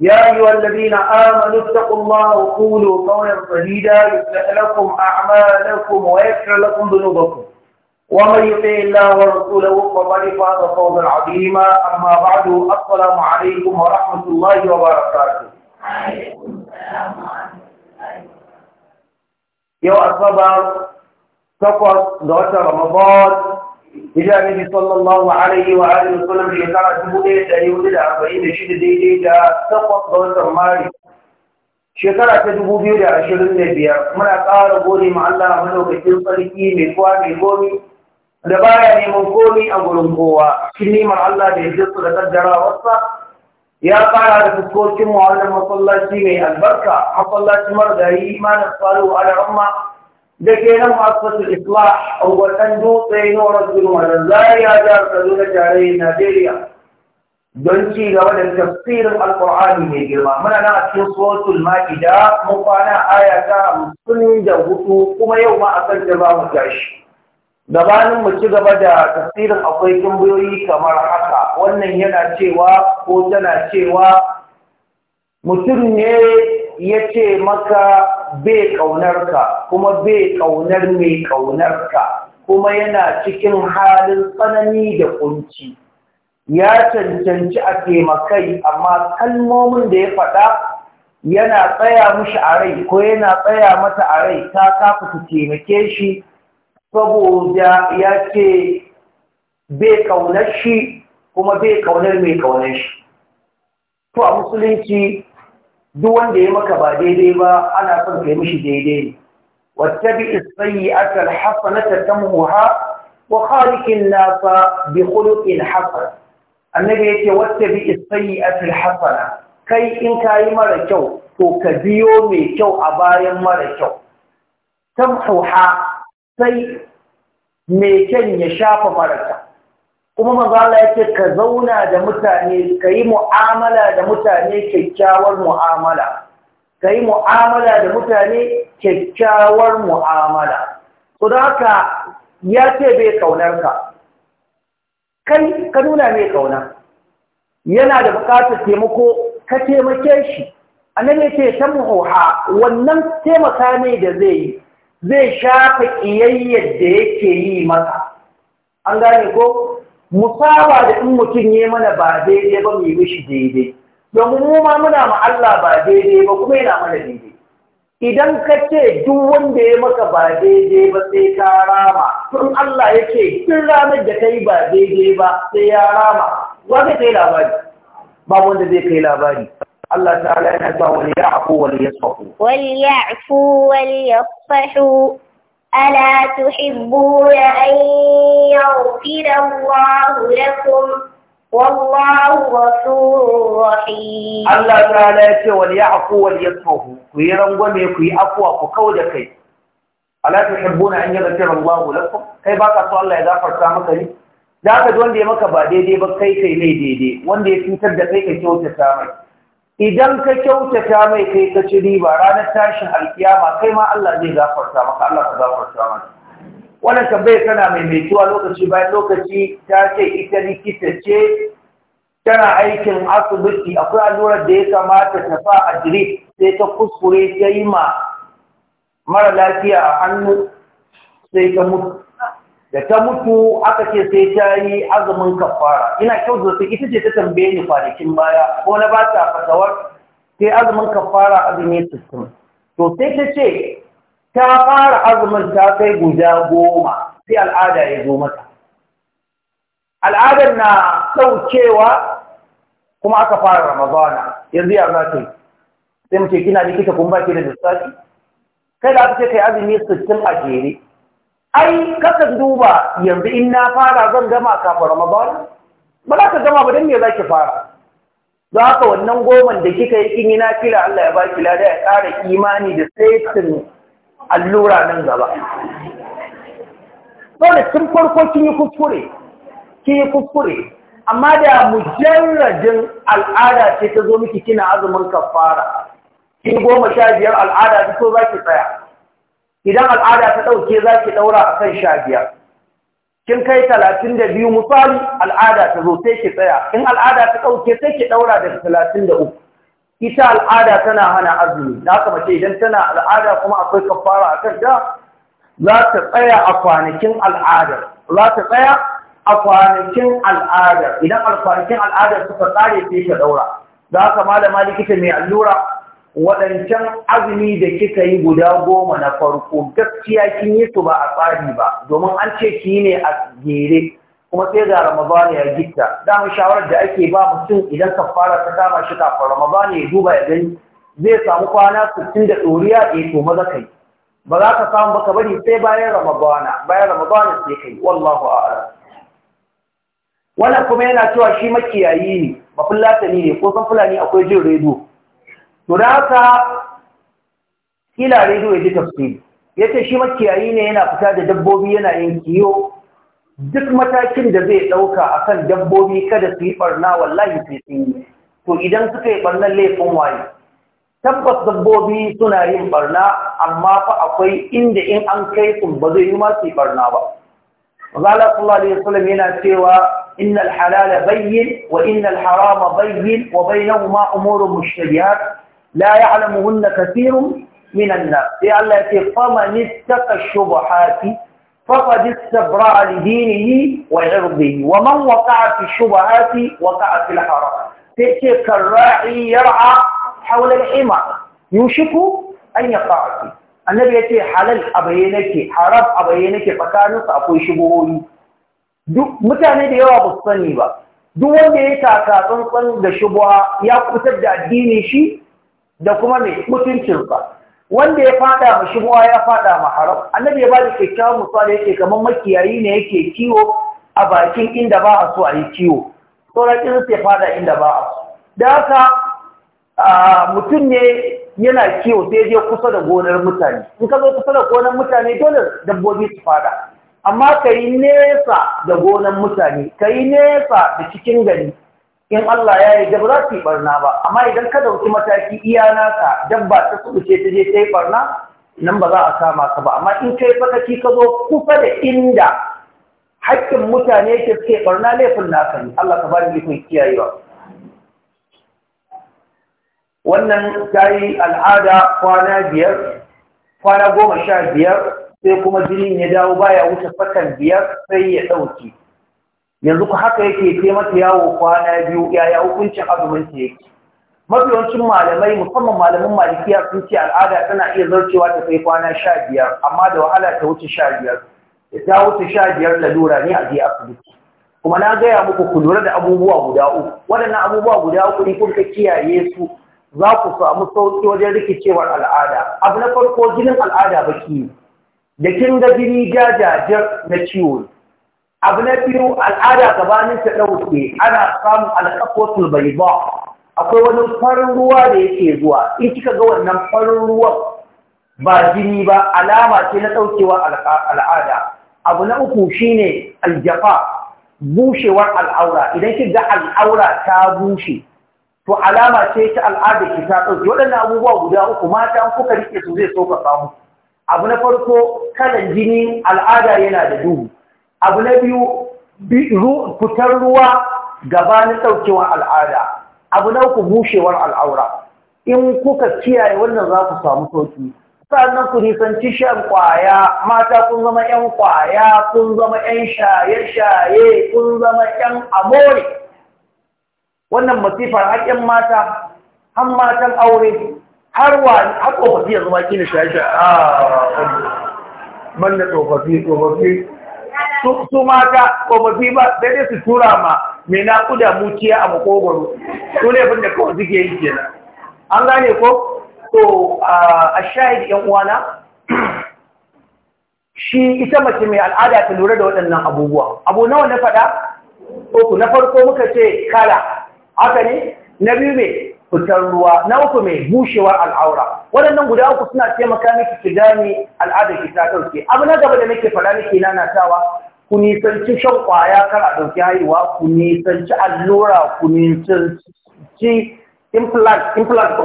يا أيها الذين آمنوا اتقوا الله وقولوا قولا سديدا يصلح لكم أعمالكم ويغفر لكم ذنوبكم ومن يطع الله ورسوله فقد فاز فوزا عظيما أما بعد السلام عليكم ورحمة الله وبركاته. عليكم السلام ورحمة الله يا أصحاب تقوى دوشة رمضان hijira ne sallallahu alaihi wa alihi wa sallam shekara dubu ɗaya ɗari hudu da arba'in da shida daidai da takwas ga mari shekara ta dubu biyu da ashirin da biyar muna ƙara gode ma Allah madaukakin sarki mai kowa mai gomi da baya neman komi a gurin kowa shi neman Allah da ya jinsu da kaddarawarsa ya fara da fuskokin mu wannan masallaci mai albarka masallaci margari imanin faru a da ke nan asibitin isla a watan dutse na wasu ruwan zariya jihar kaduna na najeriya don ci gaba da tafsirin alkur'ani mai girma muna na a cikin suratul ma'ida mun kwana aya ta hamsin da hudu kuma yau ma a kan da za mu tashi gabanin mu ci gaba da tafsirin akwai tambayoyi kamar haka wannan yana cewa ko tana cewa mutum ne ya ce maka bai ƙaunarka kuma bai ƙaunar mai ƙaunarka kuma yana cikin halin tsanani da kunci ya cancanci a taimakai amma kalmomin da ya faɗa yana tsaya mushi a rai ko yana tsaya mata a rai ta kafa ta taimake shi saboda ya ce bai ƙaunar shi kuma bai ƙaunar mai ƙaunar shi to a musulunci duk wanda ya maka ba daidai ba ana son ka yi mishi daidai ne wattabi as-sayyi'ata al-hasanata tamhuha wa khaliqin nasa bi khuluqin hasan annabi wata bi as-sayyi'ata al-hasana kai in kayi mara kyau to ka biyo mai kyau a bayan mara kyau tamhuha sai mai kyan ya shafa mara kyau kuma manzo Allah yake ka zauna da mutane ka yi mu'amala da mutane kyakkyawar mu'amala ka yi mu'amala da mutane kyakkyawar mu'amala to da haka ya ce bai kaunar ka kai ka nuna mai kauna yana da bukatar taimako ka taimake shi annabi ya ce muhoha wannan taimaka ne da zai yi zai shafa ƙiyayyar da yake yi masa an gane ko mu da in mutum ya mana ba daidai ba mu yi mishi daidai domin mu ma muna ma Allah ba daidai ba kuma yana mana daidai idan ka ce duk wanda ya maka ba daidai ba sai ka rama tun Allah ya ce duk ranar da ka yi ba daidai ba sai ya rama wa zai kai labari ba wanda zai kai labari Allah ta'ala yana sa wani ya'fu wal yasfahu wal ya'fu wal yasfahu ألا تحبون أن يغفر الله لكم والله غفور رحيم الله تعالى يقول وليعفو وليصفه ويرم وميكي أفوى فكودك ألا تحبون أن يغفر الله لكم كيف أقصى الله إذا فرسامك لي da aka ji wanda ya maka ba daidai ba kai kai mai daidai wanda ya cutar da kai kai kyauta samai idan ka kyautata mai kai ka ci riba ranar tashin alkiyama kai ma Allah zai gafarta maka Allah ka gafarta maka wannan tambayar tana mai metuwa lokaci bayan lokaci ta ce ita likita ce tana aikin asibiti akwai allurar da ya kamata ta sa a drip sai ta kuskure ta yi ma mara lafiya a hannu sai ta mutu da ta mutu aka ce sai ta yi azumin kafara ina kyau da ita ce ta tambaye ni kwanakin baya ko na ba ta fatawar sai azumin kafara azumi sittin to sai ta ce ta fara azumin ta kai guda goma sai al'ada ya zo mata al'adar na saukewa kuma aka fara ramadana yanzu ya za ta yi sai mace kina likita kun ba ki da lissafi kai da aka ce kai azumi sittin a jere ai kakan duba yanzu in na fara zan gama kafin ramadan ba za ka gama ba don me za ki fara don haka wannan goman da kika yi kin yi na fila Allah ya baki lada ya ƙara imani da saitin allura nan gaba da tun farko kin yi kuskure kin yi kuskure amma da mujarrajin al'ada ce ta zo miki kina azumin kafara kin goma sha biyar al'ada ta so za ki tsaya idan al'ada ta ɗauke za ki ɗaura a kan sha biyar kin kai talatin da biyu misali al'ada ta zo sai ki tsaya in al'ada ta ɗauke sai ki ɗaura daga talatin da uku ita al'ada tana hana azumi da haka mace idan tana al'ada kuma akwai kafara a kanta za ta tsaya a kwanakin al'adar za ta tsaya a kwanakin al'adar idan kwanakin al'adar suka tsare sai ka ɗaura da haka malama likita mai allura waɗancan azumi da kika yi guda goma na farko gaskiya kin yi su ba a tsari ba domin an ce ki ne a gere kuma sai ga Ramadan ya gitta dama shawarar da ake ba mutum idan fara ta kama shi kafin Ramadan ya duba ya gani zai samu kwana 60 da ɗoriya eh to maza kai ba za ka samu baka bari sai bayan Ramadan bayan Ramadan sai kai wallahu a'lam wannan kuma yana cewa shi makiyayi ne ba ne ko san fulani akwai jin rediyo to da haka kila rediyo ya ji tafsiri ya shi makiyayi ne yana fita da dabbobi yana yin kiyo duk matakin da zai ɗauka a kan dabbobi kada su yi ɓarna wallahi sai sun yi to idan suka yi ɓarnan laifin waye tabbas dabbobi suna yin ɓarna amma fa akwai inda in an kai su ba zai yi ma su yi ɓarna ba Allah sallallahu alaihi wasallam yana cewa إن الحلال بين وإن الحرام بين وبينهما أمور مشتبهات la ya'lamuhunna kathirun minan nas sai Allah yake faman ittaka shubuhati faqad istabra li dinihi wa irdihi wa man waqa'a fi shubuhati waqa'a fil haram sai ce karra'i yar'a hawla al-hima yushiku an yaqa fi annabi yace halal abaye nake haram abaye nake tsakaninsu akwai shubuhoyi duk mutane da yawa ba su sani ba duk wanda ya taka tsantsan da shubuha ya kutar da addini shi da kuma mai ba. wanda ya fada ma shigowa ya fada ma haram annabi ya bada kyakkyawan misali yake kamar makiyayi ne yake kiwo a bakin inda ba a so a yi kiwo sauran sai fada inda ba a so da haka mutum ne yana kiwo sai je kusa da gonar mutane in ka zo kusa da gonar mutane dole dabbobi su fada amma ka yi nesa da gonar mutane ka yi nesa da cikin gari in Allah ya yi da ba za su yi barna ba amma idan ka dauki mataki iya naka dabba ta kudu ce ta je ta yi barna nan ba za a kama ka ba amma in kai fataki ka zo kusa da inda haƙƙin mutane ke suke barna laifin naka ne Allah ka bani laifin kiyayewa wannan ta yi al'ada kwana biyar kwana goma sha biyar sai kuma jinin ya dawo baya wuce fakan biyar sai ya ɗauki yanzu ku haka yake ke mata yawo kwana biyu yaya hukuncin azumin ta yake mafiyancin malamai musamman malaman malikiya sun ce al'ada tana iya zarcewa ta kai kwana sha biyar amma da wahala ta wuce sha biyar da ta wuce sha biyar lalura ne a je asibiti kuma na gaya muku ku lura da abubuwa guda uku waɗannan abubuwa guda uku ne kun ka kiyaye su za ku samu sauki wajen rikicewar al'ada abu na farko jinin al'ada baki da kin ga jini jajajir na ciwo abu na biyu al'ada gabanin ta ɗauke ana samun alƙaƙotul bai ba akwai wani farin ruwa da yake zuwa in kika ga wannan farin ruwan ba jini ba alama ce na ɗaukewa al'ada abu na uku shine aljafa bushewar al'aura idan kika ga al'aura ta bushe to alama ce ta al'ada ki ta ɗauke waɗannan abubuwa guda uku mata an kuka rike su zai so ka samu abu na farko kalan jini al'ada yana da duhu abu na biyu fitar ruwa gabanin ɗaukewar al'ada abu na uku bushewar al'aura in kuka kiyaye wannan za ku samu sauki sannan ku nisanci shan kwaya mata kun zama 'yan kwaya kun zama 'yan shaye-shaye kun zama 'yan amore wannan masifar haƙin mata han matan aure har wani har tsofaffi yanzu ma shaye-shaye a ah, banda tsofaffi tsofaffi su mata ko mafi ba da dai su tura ma mai naƙuda muciya a makogoro su ne da kawai suke yi kenan an gane ko to a shahid yan uwana shi ita mace mai al'ada ta lura da waɗannan abubuwa abu nawa na faɗa uku na farko muka ce kala haka ne na biyu mai fitar ruwa na uku mai bushewar al'aura waɗannan guda uku suna taimaka miki ki gane al'adar ki ta ɗauke abu na gaba da nake faɗa nake natawa ku nisanci shan kwaya kar a ɗauki haihuwa ku nisanci allura ku nisanci implant implant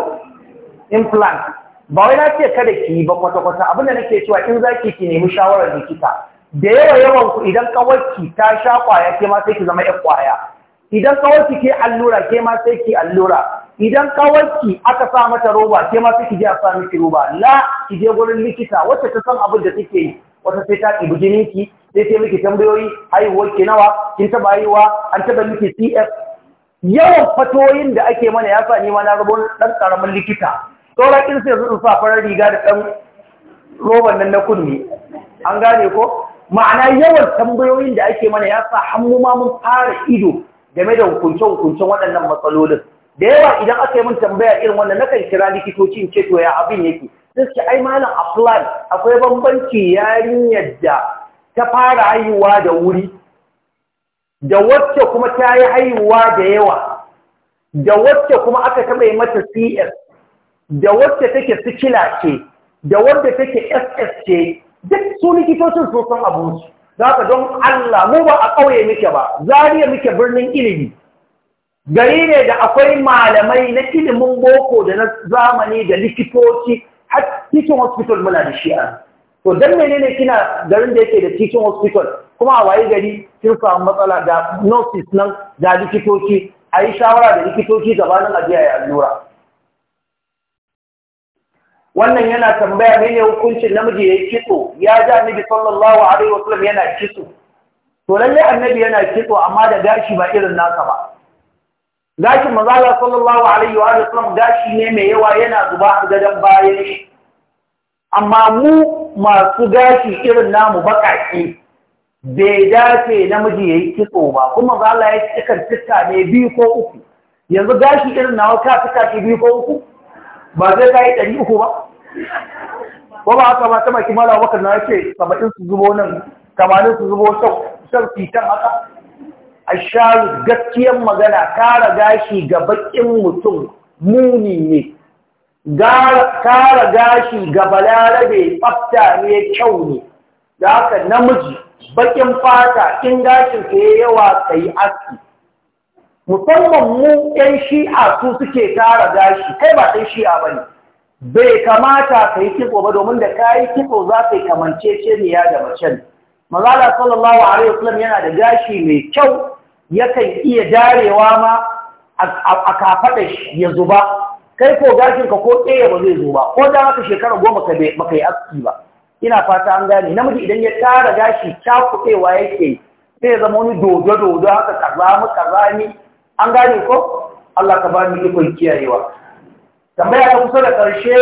implant ba wai na ce kada ki yi ba kwata-kwata abin da nake cewa in zaki ki nemi shawarar likita da yawa yawan ku idan kawarki ta sha kwaya ke ma sai ki zama ƴan kwaya idan kawarki ke allura ke ma sai ki allura idan kawarki aka sa mata roba ke ma sai ki je a sa miki roba la ki je gurin likita wacce ta san abin da take yi wata sai ta ɗibi jinin sai sai miki tambayoyi haihuwar ki nawa kin taba haihuwa an taba miki CF yawan fatoyin da ake mana ya sa ni ma na rabo dan karamin likita sauran kin sai su sa farar riga da dan roban nan na kunni an gane ko ma'ana yawan tambayoyin da ake mana ya sa hannu ma mun fara ido game da hukunce-hukuncen waɗannan matsalolin da yawa idan aka yi mun tambaya irin wannan kan kira likitoci in ce to ya abin yake sai ai malam akwai bambanci yarinyar da ta fara haihuwa da wuri da wacce kuma ta yi haihuwa da yawa da wacce kuma aka taɓa yi mata cs da wacce take sikila ce da wacce take ss ce duk su likitocin sun abinci za ka don allah mu ba a ƙauye muke ba zariya muke birnin ilimi gari ne da akwai malamai na ilimin boko da na zamani da likitoci har cikin hospital muna da shi'a to dan menene kina garin da yake da teaching hospital kuma a waye gari kin samu matsala da nurses nan da likitoci a yi shawara da likitoci gabanin ajiya ya allura wannan yana tambaya mene hukuncin namiji ya yi kitso ya ji annabi sallallahu alaihi wasallam yana kitso to lallai annabi yana kitso amma da gashi ba irin nasa ba gashin ya sallallahu alaihi wa sallam gashi ne mai yawa yana zuba a gadon bayan shi amma mu masu gashi irin namu baƙaƙe bai dace namiji ya yi kitso ba kuma ba Allah ya cikin tuka ne biyu ko uku yanzu gashi irin nawa ka tuka ki biyu ko uku ba zai ka yi ɗari uku ba ko ba haka ba ta maki mala baka na ce saba'in su zubo nan tamanin su zubo shan fitan haka a sha gaskiyar magana kara gashi ga baƙin mutum muni ne kara gashi ga balarabe tsafta ne kyau ne da aka namiji bakin fata in gashin ka yawa ka yi aski musamman mu 'yan shi'a su suke kara gashi kai ba ɗan shi'a ba ne bai kamata ka yi kitso ba domin da ka yi kitso za ka yi kamanceceniya da macen mazala sallallahu alaihi wasallam yana da gashi mai kyau yakan iya darewa ma a kafaɗa ya zuba kai ko gashin ka ko ɗaya ba zai zo ba ko da haka shekara goma ka bai maka yi aski ba ina fata an gane namiji idan ya tara gashi ta kuɗewa yake sai zama wani dodo dodo haka kazami kazami an gane ko Allah ka bani ikon kiyayewa tambaya ta kusa da ƙarshe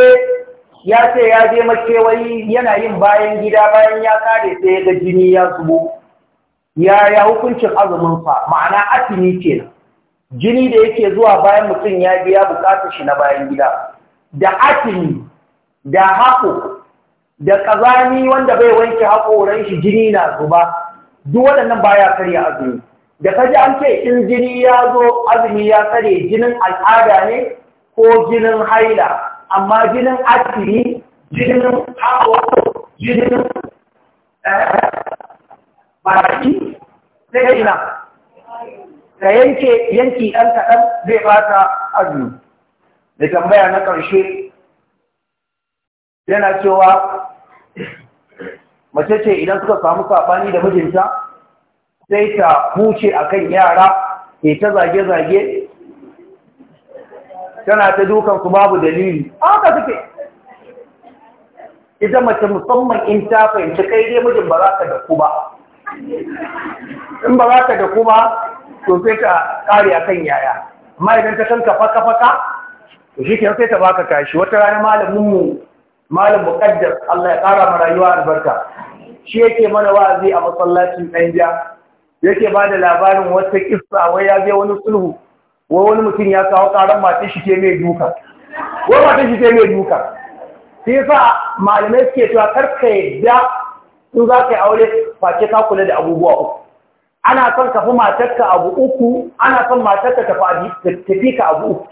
ya ce ya je makewayi yana yin bayan gida bayan ya kare sai ya ga jini ya zubo ya ya hukuncin azumin fa ma'ana atini kenan jini da yake zuwa bayan mutum ya biya bukatar shi na bayan gida da atini da haƙo da ƙazani wanda bai wanke haƙoran shi jini na zuba duk waɗannan baya karya azumi da kaji an ce in jini ya zo azumi ya tsare jinin al'ada ne ko jinin haila amma jinin atini jinin haƙo jinin eh, baki sai ina Da yanke yanki ɗan kaɗan zai bata azumi da tambaya na ƙarshe yana cewa mace ce idan suka samu saɓani da mijinta sai ta huce a kan yara ke ta zage-zage tana ta dukan su babu dalili haka suke ita mace musamman in ta fahimci kai dai mijin ba za ka da ku ba in ba za ka da ku ba to sai ta kare akan yaya amma idan ta kanka faka faka to shi kenan sai ta baka kashi wata rana malamin mu malam muqaddas Allah ya kara ma rayuwa albarka shi yake mana wa'azi a masallacin Danja yake ba da labarin wata kissa wai ya je wani sulhu wai wani mutum ya kawo karan matan shi ke mai duka wai matan shi ke mai duka sai yasa malamai suke cewa karka yadda in za ka yi aure face ka kula da abubuwa uku ana son ka fi matarka abu uku ana son matarka ta tafi ka abu uku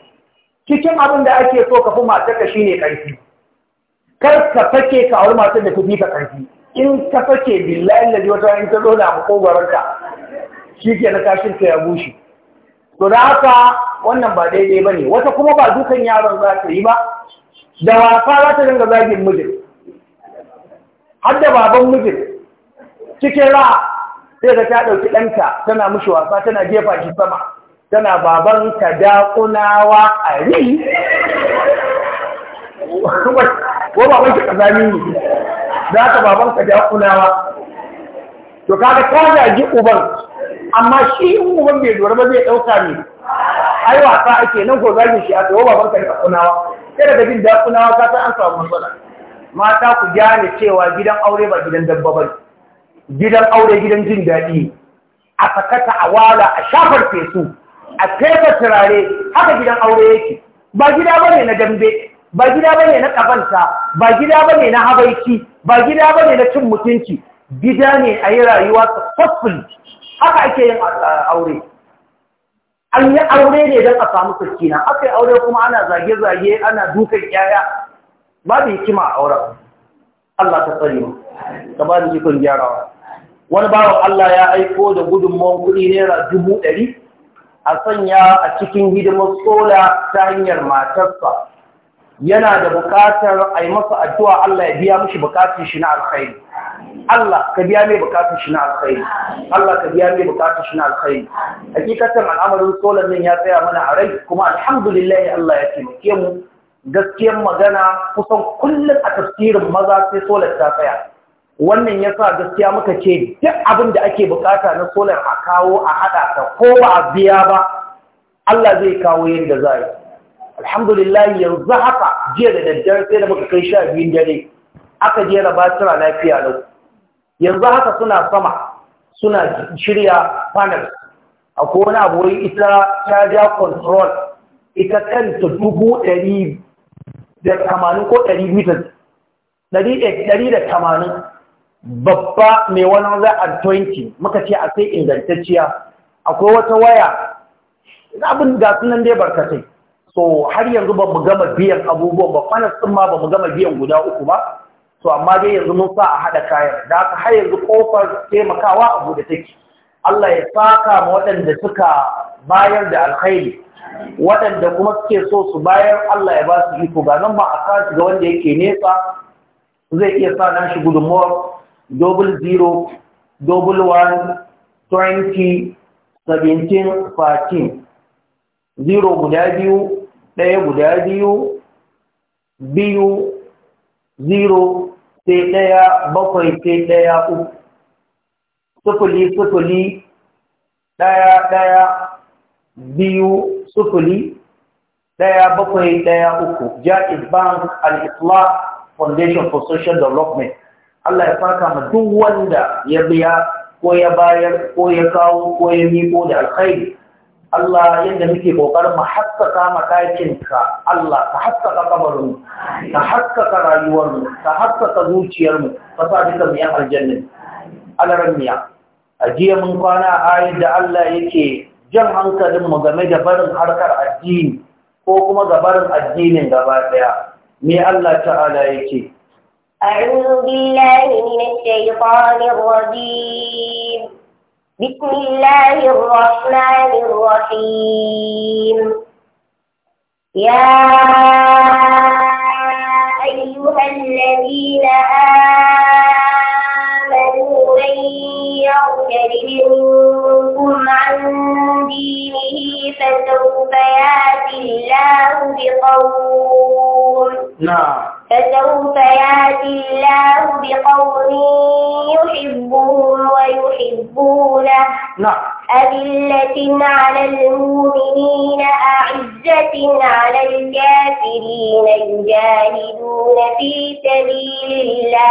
cikin abin da ake so ka fi matarka shine ƙarfi kar ka fake ka auri matar da tafi ka ƙarfi in ka fake billahi lalli wata in ta zo da makogwaranka shi ke na kashin ka ya bushe to da haka wannan ba daidai ba ne wata kuma ba dukan yaron za ta yi ba da wasa za ta dinga zagin mijin har da baban mijin cikin ra'a sai ka ta ɗauki ɗanta tana mushi wasa tana jefa shi sama tana baban ka daƙunawa a ri ko baban ka ƙazami ne za ka baban ka daƙunawa to kaga ka gaji uban amma shi in uban bai lura ba zai ɗauka ne ai wasa ake nan ko zagin shi a ko baban ka daƙunawa sai daga jin daƙunawa ka san an samu matsala mata ku gane cewa gidan aure ba gidan dabba ba ne. gidan aure gidan jin daɗi a sakata a wala a shafar fesu a tefa turare haka gidan aure yake ba gida ba ne na dambe ba gida ba ne na ƙabanta ba gida ba ne na habaiki, ba gida ba ne na cin mutunci gida ne a yi rayuwa successful haka ake yin uh, aure an yi aure ne don a samu sarkina. aka yi aure kuma ana zage-zage ana dukan yaya babu hikima a auren Allah ta tsari mu ka ba da jikon gyarawa wani bawan Allah ya aiko da gudunmawar kuɗi naira dubu ɗari a sanya a cikin hidimar sola ta hanyar matarsa yana da buƙatar a yi masa addu'a Allah ya biya mashi buƙatar shi na alkhairi Allah ka biya mai buƙatar shi na alkhairi Allah ka biya mai buƙatar shi na alkhairi hakikatan al'amarin solar nan ya tsaya mana a rai kuma alhamdulillah Allah ya taimake mu gaskiyar magana kusan kullum a tafsirin maza sai solar ta tsaya wannan ya sa gaskiya muka ce duk abin da ake bukata na solar a kawo a haɗa ta ko ba a biya ba Allah zai kawo yadda za yi alhamdulillah yanzu haka jiya da daddare sai da muka kai sha biyun dare aka jera batira lafiya lau yanzu haka suna sama suna shirya panel a kowane wai ita charger control ita kanta dubu ɗari da tamanin ko ɗari bitan ɗari da tamanin babba mai 20 muka ce a sai ingantacciya akwai wata waya abin ga sunan dai barkatai so har yanzu ba mu gama biyan abubuwan ba kwanas sun ma ba mu gama biyan guda uku ba so amma dai yanzu mun sa a haɗa kayan da aka har yanzu kofar taimakawa a buɗe take Allah ya saka ma waɗanda suka bayar da alkhairi waɗanda kuma suke so su bayar Allah ya ba su iko ga nan ba a kasu ga wanda yake nesa zai iya sa shi gudunmuwar double zero double one twenty seventeen fourteen zero guda biyu ɗaya guda biyu biyu zero sai ɗaya bakwai sai ɗaya uku sufuli sufuli ɗaya ɗaya biyu sufuli ɗaya bakwai ɗaya uku bank al-islam foundation for social development Allah ya saka ma duk wanda ya biya ko ya bayar ko ya kawo ko ya miko da alkhairi Allah yadda muke ƙoƙarin mu haskaka ka Allah ka haskaka kabarin ka haskaka rayuwar mu ka haskaka zuciyar ka sa duka mu yan aljanna alaran miya a jiya mun kwana ayin da Allah yake jan hankalin mu game da barin harkar addini ko kuma ga barin addinin gaba daya me Allah ta'ala yake أعوذ بالله من الشيطان الرجيم بسم الله الرحمن الرحيم يا أيها الذين آمنوا من يرتد منكم عن دينه فسوف يأتي الله بقوم نعم فسوف ياتي الله بقوم يحبهم ويحبونه نعم أذلة على المؤمنين أعزة على الكافرين يجاهدون في سبيل الله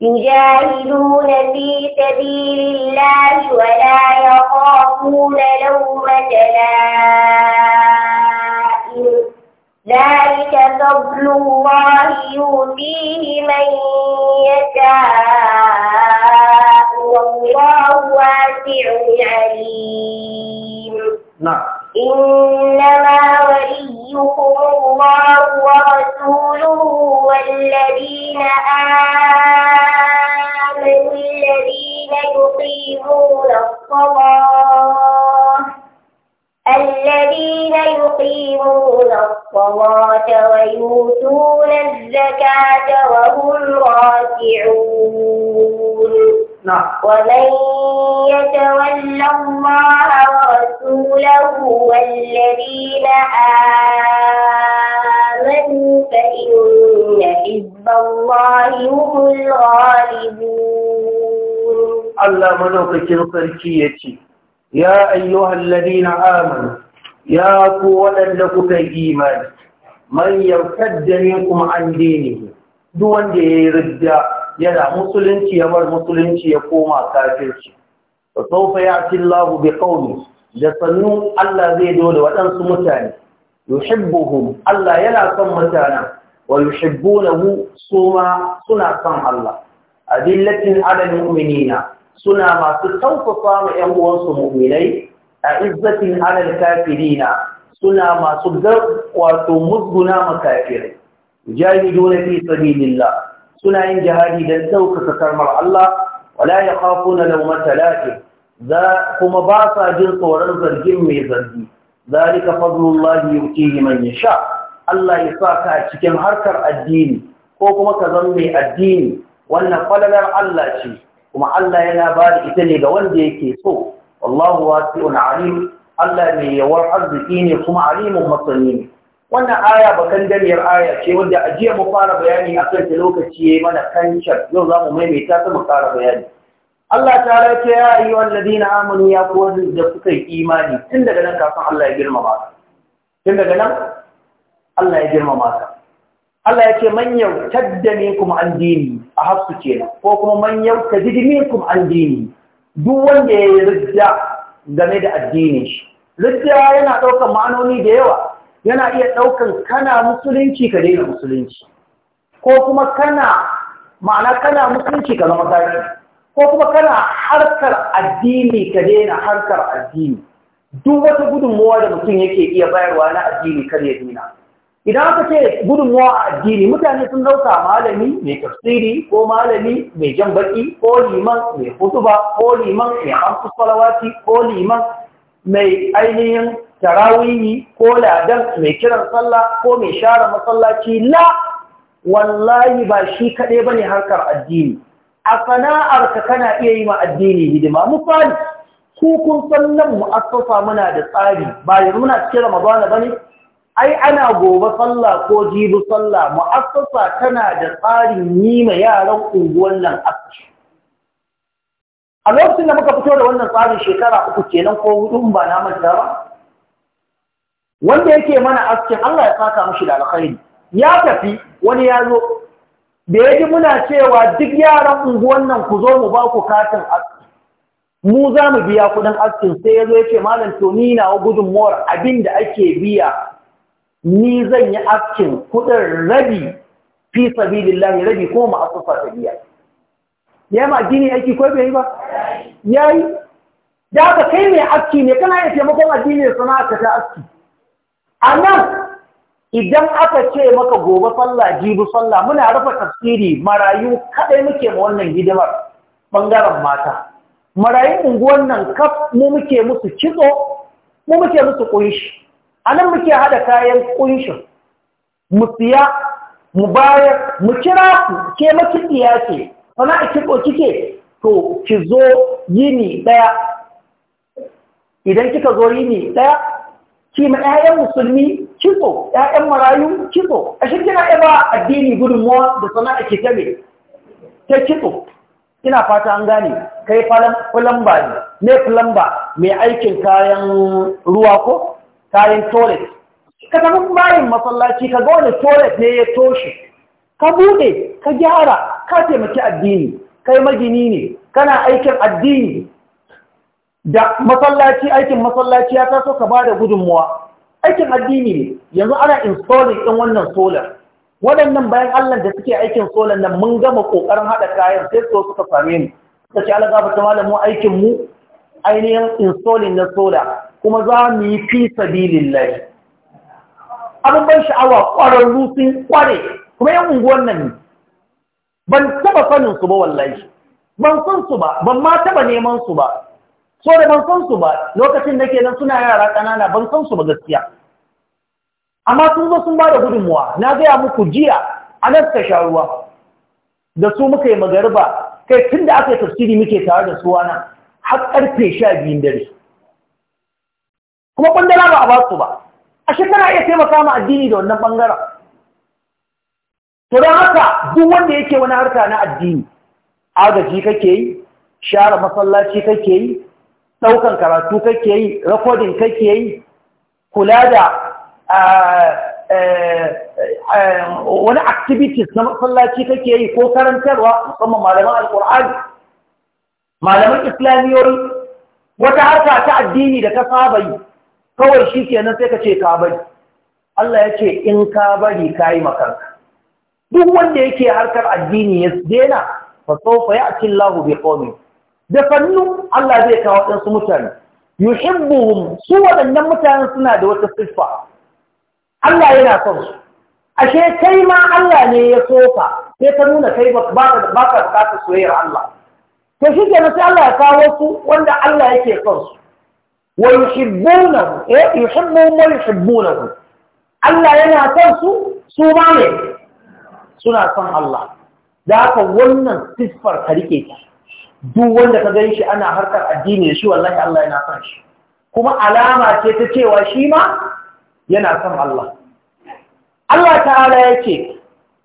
يجاهدون في سبيل الله ولا يخافون لومة لائم فضل الله يؤتيه من يشاء والله واسع عليم نعم. إنما وليكم الله ورسوله والذين آمنوا الصلاة ويؤتون الزكاة وهم راكعون نعم ومن يتول الله ورسوله والذين آمنوا فإن حزب الله هم الغالبون الله ملوك كنصر يا أيها الذين آمنوا ya ku waɗanda kuka yi imani man yartadda minkum an dini duk wanda ya yi ridda yana musulunci ya bar musulunci ya koma kafirci fa ya ya'ti Allahu bi qaumin da sannu Allah zai dole waɗansu mutane yuhibbuhum Allah yana son mutanen wa yuhibbunahu suma suna son Allah adillatin ala mu'minina suna masu taufafa ma 'yan uwansu mu'minai a izzatin alal na, suna masu gar wato musguna makafirai jahiduna fi sabilillah suna yin jihadi dan ɗaukaka karmar Allah wala yakhafuna lawmata la'im za kuma ba sa jin tsoron zargin mai zargi zalika fadlullahi yutihi man yasha Allah ya sa ka a cikin harkar addini ko kuma ka zama mai addini wannan falalar Allah ce kuma Allah yana ba da ita ne ga wanda yake so wallahu wasi'un alim Allah mai yawar arziki ne kuma alimin masani ne wannan aya bakan damiyar aya ce wadda a jiya mu fara bayani a kan lokaci yayi mana kancar yau za mu maimaita ta mu fara bayani Allah ta race ya ayyuhal ladina amanu ya ku da suka yi imani tun daga nan kafin Allah ya girmama ka tun daga nan Allah ya girmama ka Allah ya ce man yautadda minkum an dini a hafsu kenan ko kuma man yautadda minkum an dini duk wanda ya yi rijiya game da addinin shi Rijiya yana ɗaukar ma'anoni da yawa yana iya ɗaukar kana musulunci ka daina musulunci ko kuma kana ma'ana kana musulunci ka zama zari, ko kuma kana harkar addini ka daina harkar addini duk wata gudunmuwa da mutum yake iya bayarwa na addini kar ya dina idan aka ce gudunmawa a addini mutane sun dauka malami mai tafsiri ko malami mai jan baki ko liman mai hutuba ko liman mai hamsu salawati ko liman mai ainihin tarawihi ko ladan mai kiran sallah ko mai share masallaci la wallahi ba shi kaɗai ne harkar addini a sana'arka kana iya yi ma addini hidima misali ku kun san nan mu'assasa muna da tsari ba yanzu muna cikin ramadana ne? ai ana gobe sallah ko Jibu sallah mu'assasa tana da tsarin yi ma yaran unguwan nan aski a lokacin da muka fito da wannan tsarin shekara uku kenan ko hudu ba na manta ba wanda yake mana askin Allah ya saka mushi da alkhairi ya tafi wani ya zo da ya ji muna cewa duk yaran unguwan nan ku zo mu ba ku katin aski mu za mu biya kudin askin sai ya zo ya ce malam to ni na gudunmuwar abin da ake biya ni zan yi afkin kudin rabi fi sabilillahi rabi ko ma'asufa tabiya ya ma gini aiki ko bai ba yayi da ka kai mai afki ne kana iya taimakon addinin sana'a ta afki nan, idan aka ce maka gobe sallah jibi sallah muna rufe tafsiri marayu kadai muke ma wannan hidimar bangaren mata marayu unguwan nan kaf mu muke musu kitso mu muke musu kunshi a nan muke haɗa kayan ƙunshin mu siya mu bayar mu kira ku ke makiɗiya ce sana'a kiɗo kike to ki zo yini ɗaya idan kika zo yini ɗaya ki ma ƴaƴan musulmi kitso ƴaƴan marayu kitso shi kina ba addini gudunmuwa da sana'a ki ta ta kitso ina fata an gane kai falamba ne me falamba mai aikin kayan ruwa ko kayan toilet ka tafi bayan masallaci ka ga wani toilet ne ya toshe ka bude ka gyara ka taimaki addini kai magini ne kana aikin addini da masallaci aikin masallaci ya taso ka ba da gudunmuwa aikin addini ne yanzu ana installing ɗin wannan solar waɗannan bayan Allah da suke aikin solar nan mun gama ƙoƙarin haɗa kayan sai so suka same ni. suka ce Allah ba ta malamu aikin mu ainihin insulin na sola kuma za mu yi fi sabilin lai abin ban sha'awa ƙwararru sun ƙware kuma yan unguwan nan ne ban taɓa sanin su ba wallahi ban san su ba ban ma taɓa neman su ba so da ban san su ba lokacin da ke nan suna yara ƙanana ban san su ba gaskiya amma sun zo sun ba da gudunmuwa na gaya muku jiya a nan ta sha ruwa da su muka yi magariba kai tun da aka yi tafsiri muke tare da su wana har karfe sha biyun dare kuma ƙwandala ba a ba su ba a shekara iya taimaka ma addini da wannan ɓangaren to don haka duk wanda yake wani harka na addini agaji kake yi share masallaci kake yi ɗaukan karatu kake yi rakodin kake yi kula da wani activities na masallaci kake yi ko karantarwa musamman malaman alkur'ani malaman islamiyoyi wata harka ta addini da ka saba yi kawai shi ke nan sai ka ce ka bari Allah ya ce in ka bari ka yi makarka duk wanda yake harkar addini ya dena fa sofa ya ci lahu bi qawmi da fannu Allah zai kawo su mutane yuhibbuhum su wadannan mutane suna da wata siffa Allah yana son su ashe kai ma Allah ne ya sofa sai ka nuna kai ba ka bukatar soyayyar Allah ta shi ke sai Allah ya kawo su wanda Allah yake son su wa ma eh yuhibbu na yuhibbuna Allah yana son su su ma ne suna son Allah da haka wannan siffar ka rike ta duk wanda ka gani shi ana harkar addini shi wallahi Allah yana son shi kuma alama ce ta cewa shi ma yana son Allah Allah ta'ala yake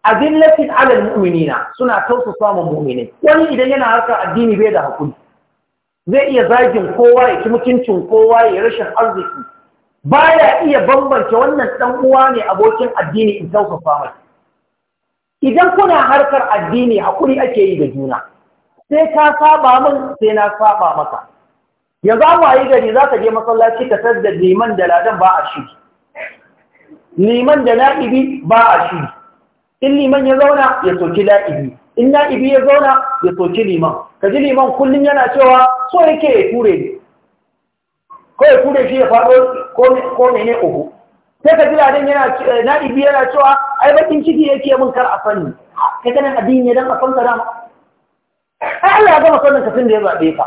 azillatin alal mu'minina suna tausa samun mu'minai wani idan yana harkar addini bai da hakuri zai iya zagin kowa ya ci mutuncin kowa ya rashin arziki baya iya bambance wannan dan uwa ne abokin addini in tausa samun idan kuna harkar addini hakuri ake yi da juna sai ka saba min sai na saba maka yanzu an wayi gari za ka je masallaci ka sadda liman da ladan ba a shi liman da na'ibi ba a shi in liman ya zauna ya soki la'ibi in la'ibi ya zauna ya soki liman ka ji liman kullum yana cewa so yake ya ture ne ko ya ture shi ya faɗo ko ne ne uku sai ka ji ladin yana eh, la'ibi yana cewa ai bakin ciki yake min kar a sanni kai kanin addini ne don a san ka dama ai Allah ya gama sannan ka da ya zaɓe ka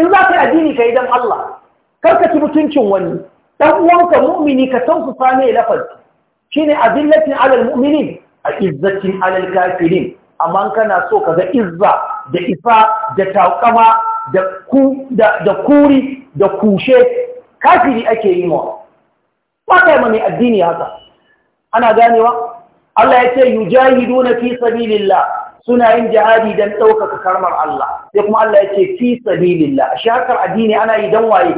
in za ka yi addini ka yi Allah kar ka ci mutuncin wani dan uwanka mu'mini ka san su same lafazi shine azillatin alal mu'minin a izzacin alal kafirin amma kana so kaga izza da ifa da taƙama da kuri da kushe kafiri ake yi mawa ba kai mai addini haka ana ganewa Allah ya ce na fi sabilillah suna yin jihadi don ɗaukaka karmar Allah sai kuma Allah ya ce fi sabilillah a shakar addini ana yi don waye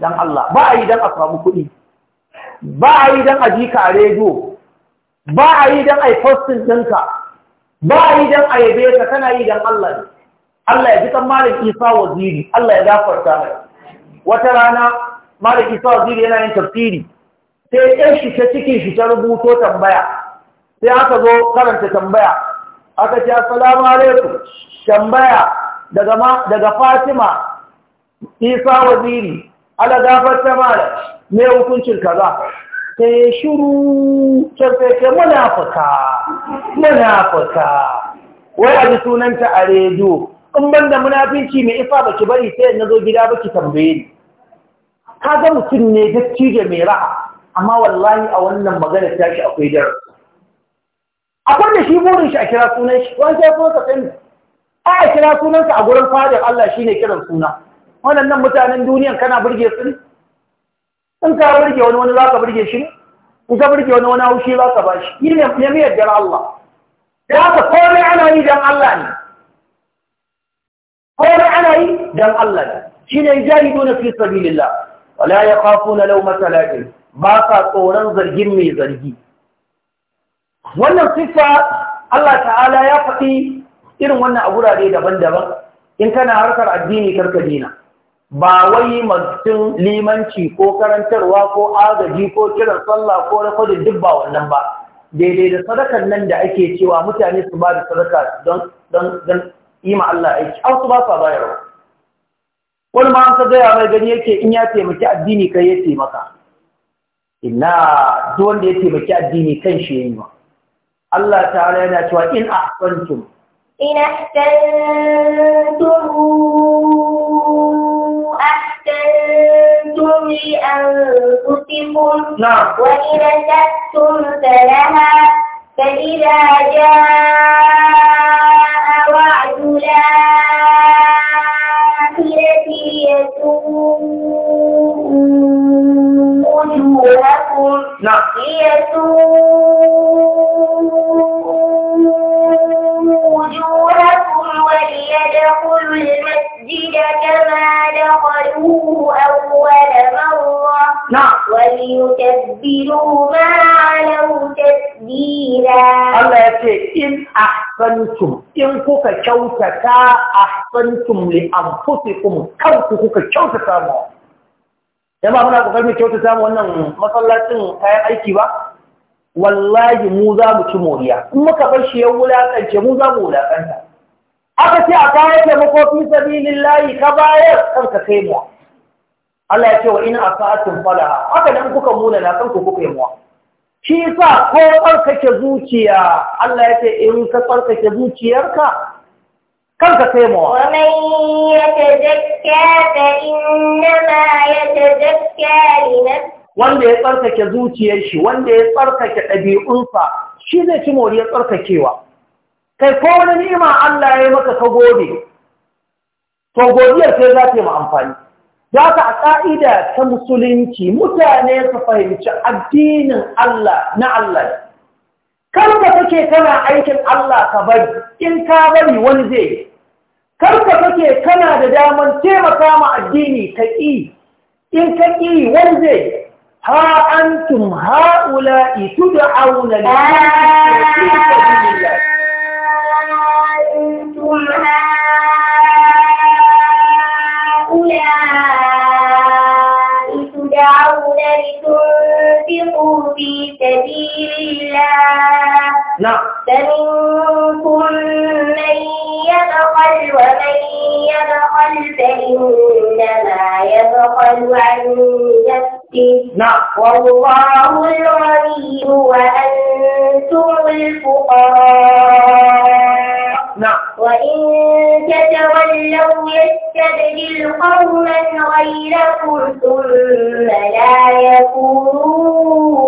don Allah ba a yi don a samu kuɗi ba a yi don a ji ka a rediyo ba a yi don a yi postin ɗinka ba a yi don a yabe ka kana yi don Allah ne Allah ya ji kan Malik Isa waziri Allah ya gafarta mai wata rana Malik Isa waziri yana yin tafsiri sai ƙin shi ta cikin shi ta rubuto tambaya sai aka zo karanta tambaya aka ce assalamu alaikum tambaya daga Fatima Isa waziri Allah gafarta malam Ne hukuncin kaza sai ya shiru can sai ce munafuka munafuka wai a ji sunanta a rediyo in ban da munafinci mai ifa baki bari sai na zo gida baki tambaye ne ka ga mutum ne dattijo mai ra'a amma wallahi a wannan magana ta shi akwai dar akwai da shi burin shi a kira sunan shi wani sai kuma ka sani a kira sunansa a gurin fadar Allah shi ne kiran suna wannan mutanen duniyan kana burge su ne in ka burge wani wani za ka burge shi ne in ka burge wani wani haushi za ka ba shi yi ne mai yardar Allah da haka komai ana yi don Allah ne komai ana yi don Allah ne shi ne jahidu na fi sabilillah wala ya kafu na lau matalaki ba ka tsoron zargin mai zargi wannan siffa Allah ta'ala ya faɗi irin wannan a wurare daban-daban in kana harkar addini karka dina ba wai mutum limanci ko karantarwa ko agaji ko kiran sallah ko rakodin duk ba wannan ba daidai da sadakar nan da ake cewa mutane su ba da sadaka don don yi ma Allah aiki an su ba sa bayarwa wani ma an sa gaya mai gani yake in ya taimaki addini kai ya taimaka inna duk wanda ya taimaki addini kan shi yayi ma Allah ta'ala yana cewa in ahsantum in ahsantum لأنفسكم نعم وإن شئتم فلها فإذا جاء وعد الآخرة ليسوء وجوهكم نعم ليسوء وليتبوه أول مرة نعم وليتبروا ما علوا تتبيرا الله يقول إن أحسنتم إن كوكا كوتكا أحسنتم لأنفسكم كوكا كوكا كوتكا ما jama'a muna kokarin kyauta samu wannan masallacin kayan aiki ba wallahi mu za mu ci moriya in muka bar shi ya wulakance mu za mu wulakanta aka ce a kayan taimako fi sabilillahi ka bayar kanka kai mu Allah ya ce wa ina asa'atun falaha haka nan kuka muna na kanku kuka yi muwa shi yasa ko tsarkake zuciya Allah ya ce in ka tsarkake zuciyarka kanka kai muwa wa man yatazakka fa innama yatazakka li wanda ya tsarkake zuciyar shi wanda ya tsarkake ɗabi'unsa shi zai ci moriyar tsarkakewa kai ko wani ni'ima Allah ya maka ka gode to godiyar sai za ta yi ma amfani Za ka a ƙa'ida ta musulunci mutane su fahimci addinin Allah na Allah. Karka kake kana aikin Allah ka bari, in ka bari wani zai Karka kake kana da damar taimaka ma addini ka ƙi, in ka ƙi wani zai yi. tun ha'ula itu da auna lillahi سبيل الله نعم فمنكم من يبخل ومن يبخل فإنما يبخل عن نفسه نعم والله الغني وأنتم الفقراء نعم وإن تتولوا يستبدل قوما غيركم ثم لا يكونوا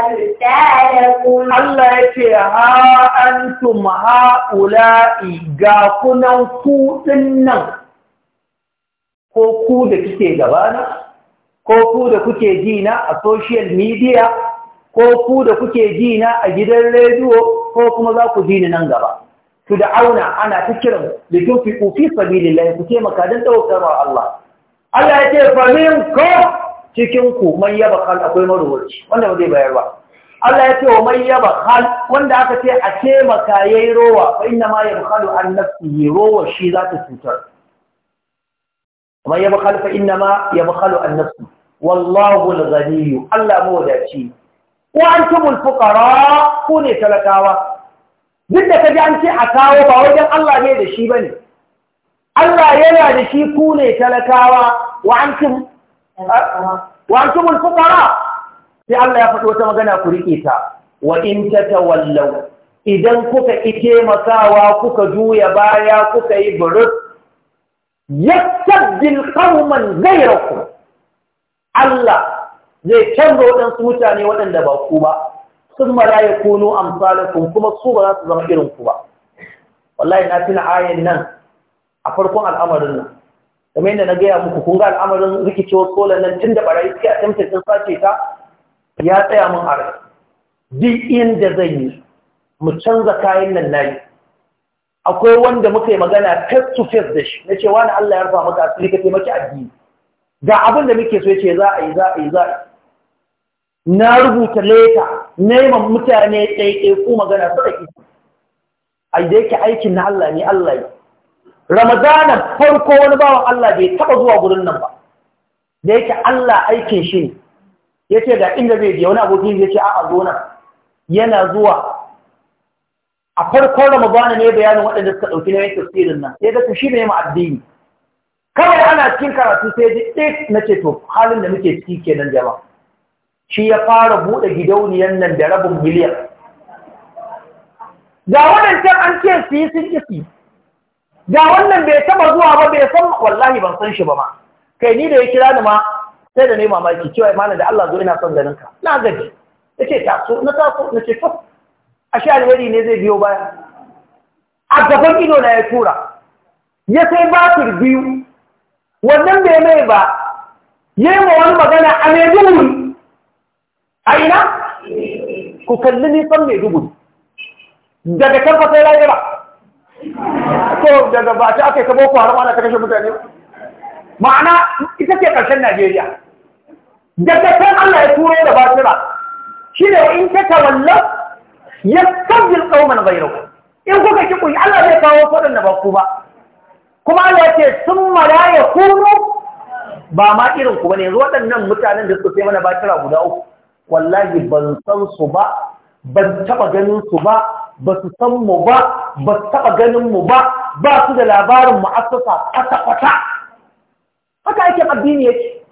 أمثالكم الله يكي ها أنتم هؤلاء قاكنا كوتنا ko ku da kike gabana ko ku da kuke ji na a social media ko ku da kuke ji na a gidan rediyo ko kuma za ku ji ni nan gaba to da auna ana ta kiran litun fi kufi sabilillahi ku taimaka don ɗaukar wa Allah Allah ya ce fa min ko cikin ku man yaba kal akwai marubuci wanda ba zai bayar ba Allah ya ce wa man yaba kal wanda aka ce a taimaka yayi rowa fa inna ma yabkhalu an nafsihi rowa shi za ta cutar man yaba kal fa inna ma yabkhalu an nafsihi wallahu al-ghani Allah mawadaci wa antumul fuqara ku ne talakawa duk da kaji an ce a kawo ba wajen Allah ne da shi bane Allah yana da shi ku ne talakawa wa antum wa antumul fuqara sai Allah ya faɗi wata magana ku rike ta wa in tatawallaw idan kuka ike makawa kuka juya baya kuka yi burus yastabdil qauman ghayrakum Allah zai canza waɗansu mutane waɗanda ba ku ba sun mara ya kuno amsalakun kuma su ba za su zama irin ku ba wallahi na tuna ayan nan a farkon al'amarin nan kamar yadda na gaya muku kun ga al'amarin rikicewar solar nan tun da barayi suke a tamtar sun sace ta ya tsaya mun a rai duk inda zan yi mu canza kayan nan na yi." akwai wanda muka yi magana face to face da shi na ce wani Allah ya rufa maka asiri ka taimaki addini ga abin da muke so yace za a yi za a yi za a yi na rubuta leta neman mutane ɗaiɗaiku magana sadaki a da yake aikin na Allah ne Allah ne ramadana farko wani bawan Allah bai taɓa zuwa gudun nan ba da yake Allah aikin shi ya ce ga inda zai biya wani abokin zai ce a a zona yana zuwa a farkon ramadana ne bayanin waɗanda suka ɗauki na yin tafsirin nan ya ga shi ne ma addini kawai ana cikin karatu sai ji ɗik eh, na ce to halin da muke ciki kenan jama shi ya fara buɗe gidauniyan nan da rabin miliyan ga waɗancan an ce su yi sun ƙi ga wannan bai taɓa zuwa ba bai san wallahi ban san shi ba ma kai ni da ya kira ni ma sai da ne mamaki cewa imanin da Allah zo ina son ganin ka na gaji ya ce taso na taso na ce to a sha alheri ne zai biyo baya a gaban ido na ya tura ya sai batir biyu wannan bai mai ba yi ma wani magana a maiduguri a ina ku kalli nisan maiduguri daga kan fasai rayu ba to daga ba ta aka yi kabo ku har ma na ta kashe mutane ma'ana ita ke ƙarshen najeriya daga kan allah ya turo da basira shi ne in ta tawallar ya sabbin tsawon gairu in kuka ki kuyi allah zai kawo faɗin da ba ku ba kuma Allah ce sun maraya kuru kunu ba ma irin ku bane yanzu waɗannan mutanen da suka sai mana bakira guda uku wallahi ban san su ba ban taba ganin su ba ba su san mu ba ba su taba ganin mu ba ba su da labarin mu'assasa kwata kwata haka yake addini yake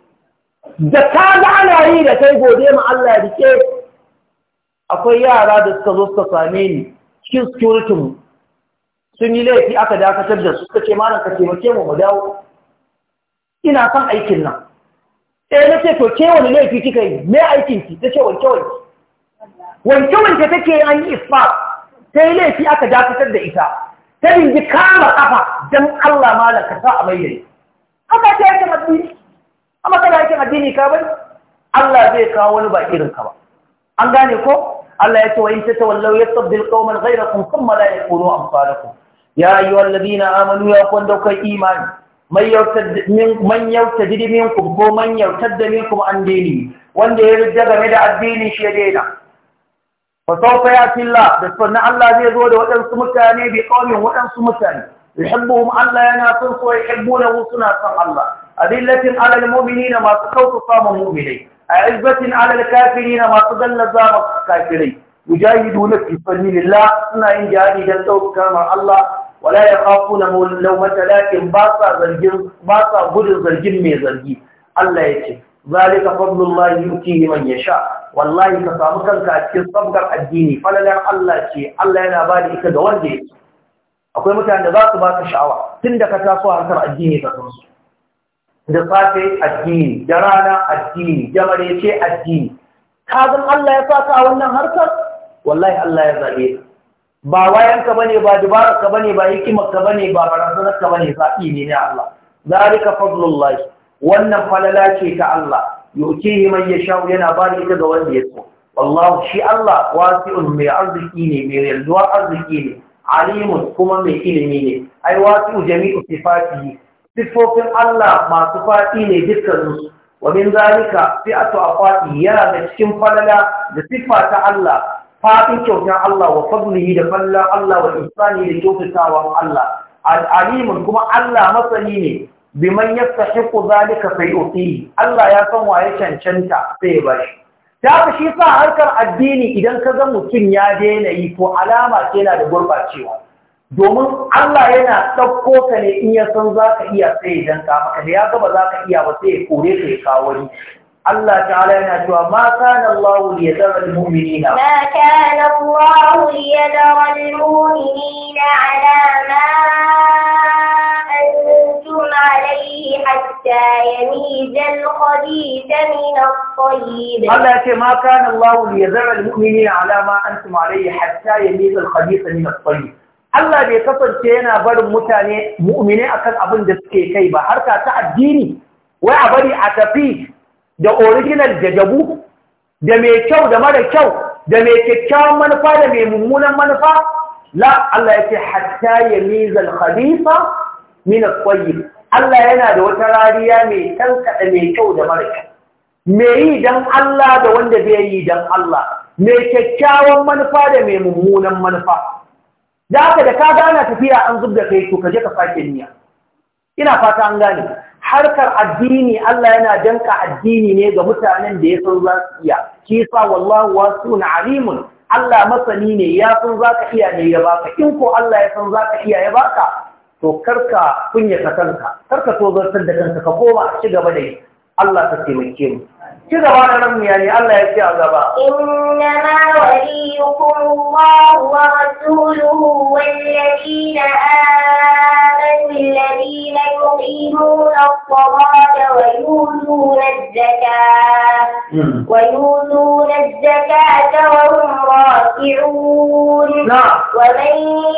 da ka ga ana yi da kai gode ma Allah ya rike akwai yara da suka zo suka same ni cikin security mu sun yi laifi aka dakatar da su suka ce malam ka taimake mu mu dawo ina son aikin nan eh na ce to ke wani laifi kika yi me aikin ki ta ce wanke wanke wanke wanke take yi an yi isfa sai laifi aka dakatar da ita ta dingi kama kafa dan Allah malam ka sa a bayyane haka ta yake addini amma kana yake addini ka bari Allah zai kawo wani ba irin ka ba an gane ko Allah ya ce wa in tatawallau yastabdil qauman ghayrakum thumma la yakunu amsalakum يا أيها الذين آمنوا يا أخوان دوك إيمان من يرتد من يرتد منكم هو من يرتد منكم عن دينه وان ده يرجع من الدين شيئا فسوف يأتي الله بسرنا الله زي زود وأن سمتاني بقوم وأن سمتاني يحبهم الله يناصرك ويحبونه سنة الله أذلة على المؤمنين ما تقوت صام المؤمنين أعزة على الكافرين ما تضل زام الكافرين يجاهدون في سبيل الله سنة إن جاهدوا كما الله wala ya kafu na laumata lakin ba sa gudun zargin mai zargi Allah ya ce zalika fadlullahi yutihi man sha. wallahi ka samu kanka a cikin sabgar addini falalar Allah ce Allah yana ba da ita ga wanda yake akwai mutane da za su ba ka sha'awa tun da ka taso harkar addini ka san su da safe addini da rana addini da marece addini zan Allah ya saka a wannan harkar wallahi Allah ya zabe ka ba wayanka bane ba dubararka bane ba hikimarka bane ba barazanarka bane zaɓi ne na Allah zalika fadlullah wannan falala ce ta Allah yukihi man yasha yana ba ita ga wanda ya so wallahu shi Allah wasi'un mai arziki ne mai yalduwar arziki ne alimun kuma mai ilimi ne ai wasi'u jami'u sifatihi sifofin Allah masu faɗi ne dukkaninsu wa min zalika fi'atu afati yana da cikin falala da siffa ta Allah fatin kyautar Allah wa fadlihi da fallan Allah wa ihsani da kyautatawa Allah alimun kuma Allah masani ne man yastahiqu zalika sai uti Allah ya san waye cancanta sai ya bashi ta shi sa harkar addini idan ka ga mutum ya daina yi ko alama ce yana da gurbacewa domin Allah yana ɗauko ka ne in ya san zaka iya sai idan ka maka ya ga ba za ka iya ba sai ya kore ka ya kawo wani الله تعالى ينادوا ما كان الله ليذر المؤمنين ما كان الله ليذر المؤمنين على ما أنتم عليه حتى يميز الخبيث من الطيب الله ما كان الله ليذر المؤمنين على ما أنتم عليه حتى يميز الخبيث من الطيب الله بيكفر kasance yana متاني مؤمنين mu'mine أبن دسكي كيبا حركة تعديني وعبري أتفيك da original da jabu da mai kyau da mara kyau da mai kyakkyawan manufa da mai mummunan manufa la Allah ya ce hatta ya mizal khalifa min at-tayyib Allah yana da wata rariya mai tankada mai kyau da mara kyau mai yi dan Allah da wanda bai yi dan Allah mai kyakkyawan manufa da mai mummunan manufa da haka da ka gana tafiya an zubda kai to ka je ka sake niyya ina fata an gane harkar addini Allah yana danka addini ne ga mutanen da ya san za su iya shi yasa wallahu wasun alimun Allah masani ne ya san za ka iya ne ya baka in ko Allah ya san za ka iya ya baka to karka kunyata kanka karka tozartar da kanka ka koma a ci gaba da yi Allah ta taimake mu كذا أنا يعني الله يكفي عذابا إنما وليكم الله ورسوله والذين آمنوا الذين يقيمون الصلاة ويؤتون الزكاة ويؤتون الزكاة وهم راكعون نعم ومن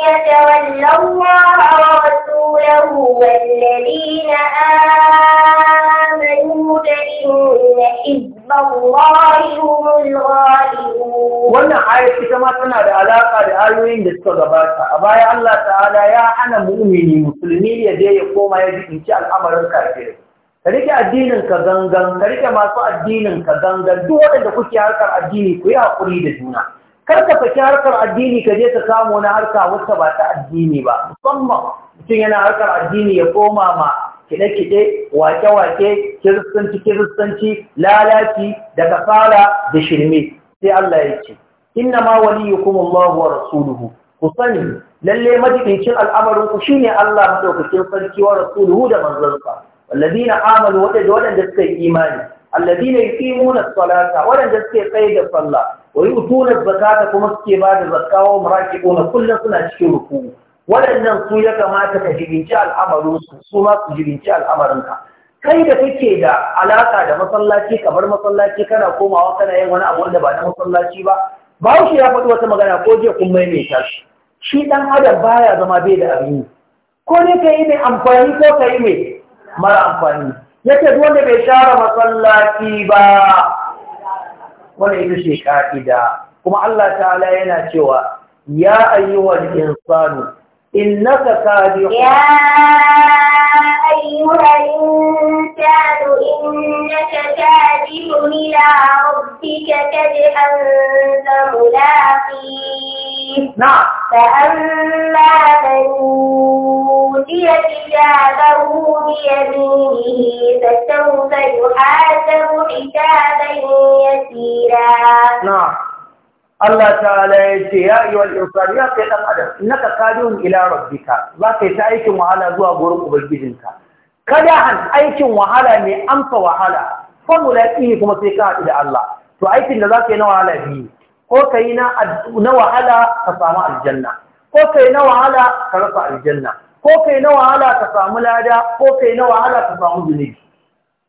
يتول الله ورسوله والذين آمنوا فإن wannan ayat ita ma tana da alaka da ayoyin da suka gabata a baya Allah ta'ala ya hana mu'mini musulmi ya je ya koma ya ji al'amarin karfe. ka rike addinin ka gangan ka rike masu addinin ka gangan duk waɗanda kuke harkar addini ku yi haƙuri da juna kar ka faki harkar addini ka je ka samu wani harka wata ba ta addini ba musamman mutum yana harkar addini ya koma ma kiɗe-kiɗe wake-wake kiristanci-kiristanci lalaci da kasala da shirme sai Allah ya ce inna ma waliyukum Allah wa rasuluhu ku sani lalle majibincin al'amarin ku shine Allah madaukakin sarki wa rasuluhu da manzansa walladina amanu wadanda waɗanda suka yi imani alladina yuqimuna as-salata suka suke tsaye da sallah wa yu'tuna zakata kuma suke ba da zakka wa muraqiquna kullum suna cikin ruku waɗannan su ya kamata ka jibinci al'amarinsu su ma su jibinci al'amarinka kai da kake da alaka da masallaci kamar masallaci kana komawa kana yin wani abu wanda ba na masallaci ba bahaushe ya faɗi wata magana ko je kun maimaita shi shi ɗan adam baya zama bai da abin yi ko ne ka yi mai amfani ko ka yi mai mara amfani ya ce wanda bai share masallaci ba wanda ita ce ka'ida kuma Allah ta'ala yana cewa ya ayyuhal insanu إنك صادق يا أيها الإنسان إنك كاذب إلى ربك كدحا فملاقيه نعم فأما من أوتي كتابه بيمينه فسوف يحاسب حسابا يسيرا نعم Allah ta'ala ya ce ya yi wa insani ya kai dan adam kaji wani ila rabbika za ka yi ta aikin wahala zuwa gurin ubangijinka an aikin wahala mai amsa wahala formula ɗi e kuma sai ka haɗu da Allah to aikin da za ka yi na wahala biyu ko ka yi na wahala ka samu aljanna ko ka yi na wahala ka rasa aljanna ko ka yi na wahala ka samu lada ko ka yi na wahala ka samu zunubi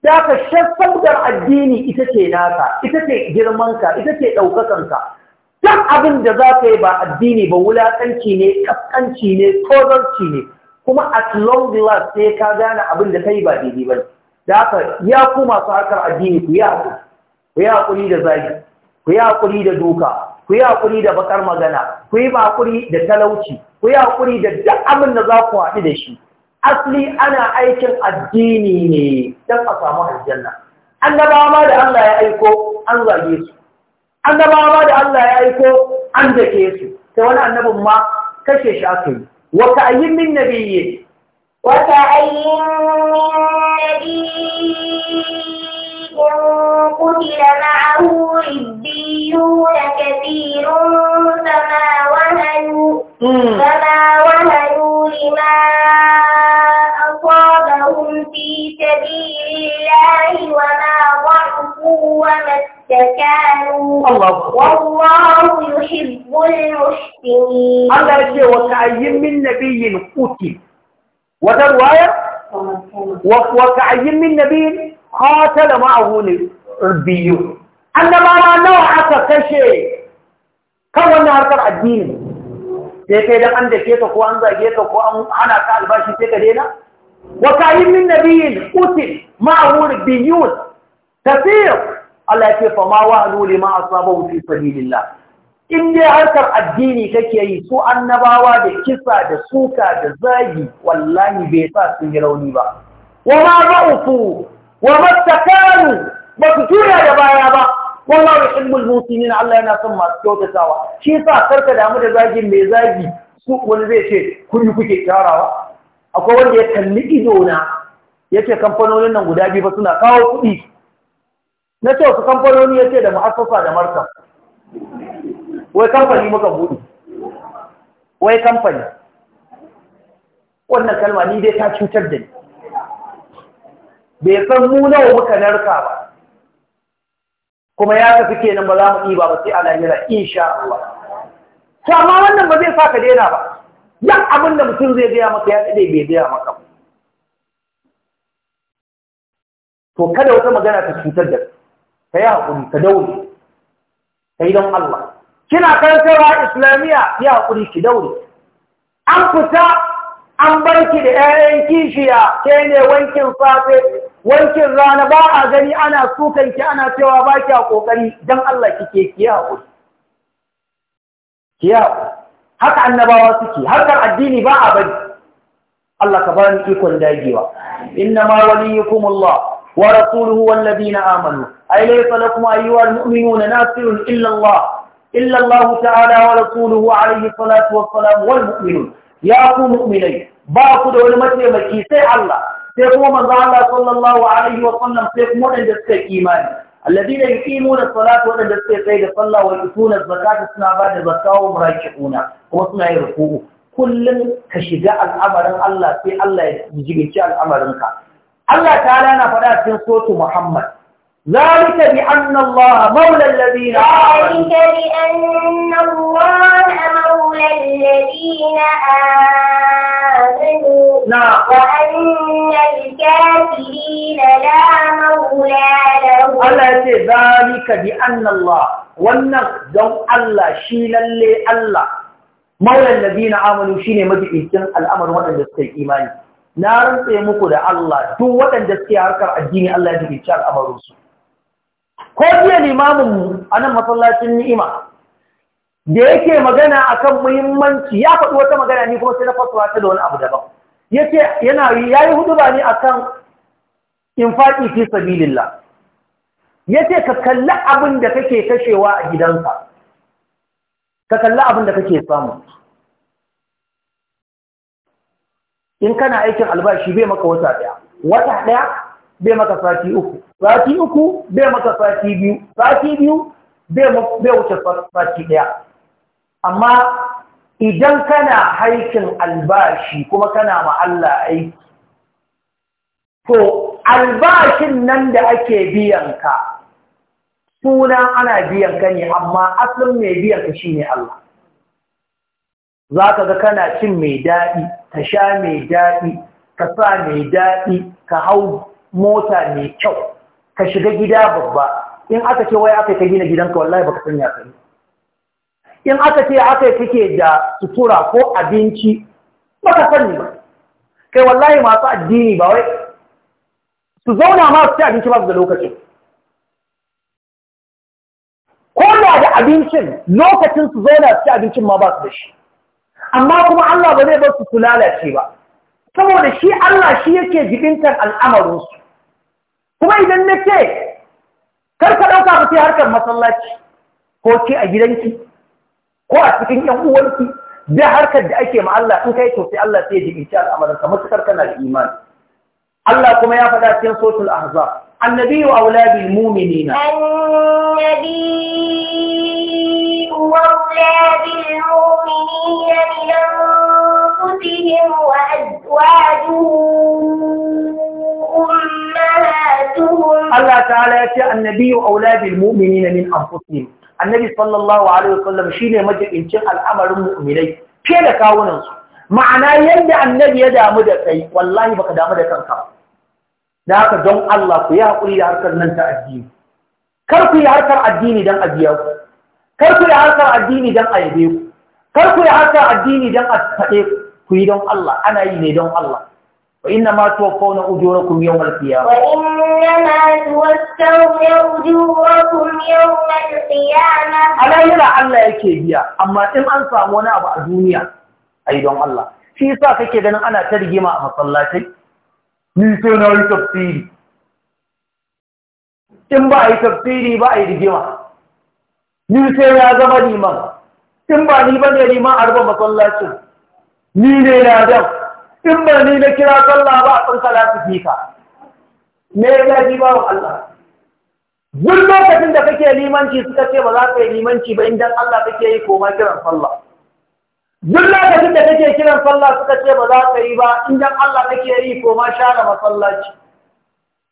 da ka shafaudar addini ita ce naka ita ce girmanka ita ce ɗaukakanka duk abin da za ka yi ba addini ba wulaƙanci ne ƙasƙanci ne tozarci ne kuma at long last sai ka gane abin da ka yi ba daidai ba da haka ya ku masu harkar addini ku yi haƙuri ku yi haƙuri da zagi ku yi haƙuri da doka ku yi haƙuri da bakar magana ku yi haƙuri da talauci ku yi haƙuri da duk abin da za ku haɗu da shi Asali ana aikin addini ne don a samu aljanna annabawa ma da Allah ya aiko an zage su annabawa da Allah ya aiko an dake su sai wani annabin ma kashe shi aka yi wa ka'ayyin min nabiyyi wa ka'ayyin min nabiyyin qutila ma'ahu ribbiyun kathirun fama wahanu hmm. fama wahanu lima أصابهم في سبيل الله وما ضعفوا وما تكالوا والله يحب المحسنين الله يقول وكأي من نبي قتل وده رواية وكأي من نبي قاتل معه الربيون annaba ma nawa aka kashe kan wannan harkar addini sai kai dan an dake ka ko an zage ka ko an hana ka albashi sai ka daina wa kayin min nabiyyin util ma'hur biyun kathir Allah ya ce fa ma wa'alu lima asabahu fi sabilillah in dai harkar addini kake yi su annabawa da kisa da suka da zagi wallahi bai sa sun yi rauni ba wa ma ba'ufu wa mastakanu ba su juya da baya ba wallahu yuhibbul na Allah yana son masu kyautatawa shi yasa karka damu da zagin mai zagi su wani zai ce kun yi kuke tarawa akwai wanda ya kalli ido na yace kamfanonin nan guda biyu ba suna kawo kuɗi na ce wasu kamfanoni ya ce da ma'asasa da markam wai kamfani muka buɗe wai kamfani wannan kalma ni dai ta cutar da ni bai san mu nawa muka narka ba kuma ya tafi kenan ba za mu ɗiba ba sai a lahira insha Allah to amma wannan ba zai sa ka daina ba yan abin da mutum zai gaya maka ya tsade bai gaya maka to kada wata magana ta cutar da ka ka yi haƙuri ka daure ka don Allah kina karantarwa islamiyya ya haƙuri ki daure an fita an barki da 'ya'yan kishiya ke ne wankin safe wankin rana ba a gani ana sukanki ana cewa ba ki a ƙoƙari don Allah kike ki haƙuri ki haƙuri haka annabawa suke harkar addini ba a bari Allah ka ni ikon dagewa inna ma waliyukum Allah ورسوله والذين آمنوا أي ليس لكم أيها المؤمنون ناصر إلا الله إلا الله تعالى ورسوله عليه الصلاة والسلام والمؤمنون يا أخو مؤمنين باقود ولمتي مكي سي الله سيكون من الله صلى الله عليه وسلم سيكون عند السيك إيمان الذين يقيمون الصلاة وعند السيك سيد صلى ويؤتون الزكاة سنة بعد زكاة ومراجعون وصنع ركوع كل كشجاء الأمر الله في الله يجب الأمر Allah ta'ala na faɗa cikin sotu Muhammad ذلك بأن الله مولى الذين آمنوا ذلك بأن الله مولى الذين آمنوا نعم وأن الكافرين لا مولى لهم الله ذلك بأن الله wannan don Allah shi lalle Allah maulan ladina amanu shine mabi'in al'amarin waɗanda suka yi imani na rantse muku da Allah duk waɗanda suke harkar addini Allah ya ci al'amarin su ko jiya limamin mu a masallacin ni'ima da yake magana akan muhimmanci ya faɗi wata magana ni kuma sai na fasuwa ta da wani abu daban Yake yana yayi huduba ne akan infaqi fi sabilillah yace ka kalli abin da kake kashewa a gidanka ka kalli abin da kake samu in kana aikin albashi bai maka wata ɗaya wata ɗaya bai maka sati uku sati uku bai maka sati biyu sati biyu bai wuce sati ɗaya amma idan kana aikin albashi kuma kana ma Allah aiki to albashin nan da ake biyan ka suna ana biyan ka ne amma asalin mai biyan ka shine Allah za ka ga kana cin mai daɗi ka sha mai daɗi ka sa mai daɗi ka hau mota mai kyau ka shiga gida babba in aka ce wai aka yi ka gina gidanka wallahi baka sanya ka yi in aka ce aka yi kake da sutura ko abinci baka sani ba kai wallahi masu addini ba wai su zauna ma su ci abinci ba su da lokacin ko da da abincin lokacin su zauna su ci abincin ma ba su da shi amma kuma Allah ba zai bar su lalace ba saboda shi Allah shi yake jibintar al'amarinsu kuma idan na ce kar ka ɗauka ka sai harkar masallaci ko ce a gidanki ko a cikin ƴan uwanki da harkar da ake ma Allah in kai to sai Allah sai ya jibinci al'amarinka matukar kana da imani Allah kuma ya faɗa cikin sotul ahzab annabi wa auladil mu'minina annabi wa auladil mu'minina بهم وأزواجهم أمهاتهم الله تعالى يأتي النبي أولاد المؤمنين من أنفسهم النبي صلى الله عليه وسلم شيني مجد إنشاء الأمر المؤمنين كيف كاونا ma'ana yadda annabi ya damu da kai wallahi baka damu da kanka ba da don Allah ku da harkar nan kar ku yi harkar addini don a biya ku kar ku yi harkar addini don a ku kar ku yi harkar addini don a faɗe ku ku yi don Allah ana yi ne don Allah ujurakum yawmal qiyamah wa inna ma tuwaffawna ujurakum yawmal qiyamah ala يرى Allah yake biya amma in an samu wani abu a duniya ai don Allah shi yasa kake ganin ana ta rigima a masallatai ni sai na yi tafsiri in ba a yi tafsiri ba a yi rigima ni sai ya zama liman in ba ni ba ne liman a rubuta masallacin ni ne na dan in ba ni na kira sallah ba sun ɗan salatu fi ka me ya ji wa Allah duk lokacin da kake limanci suka ce ba za ka yi limanci ba idan Allah kake yi koma kiran sallah duk lokacin da kake kiran sallah suka ce ba za ka yi ba idan Allah kake yi koma share masallaci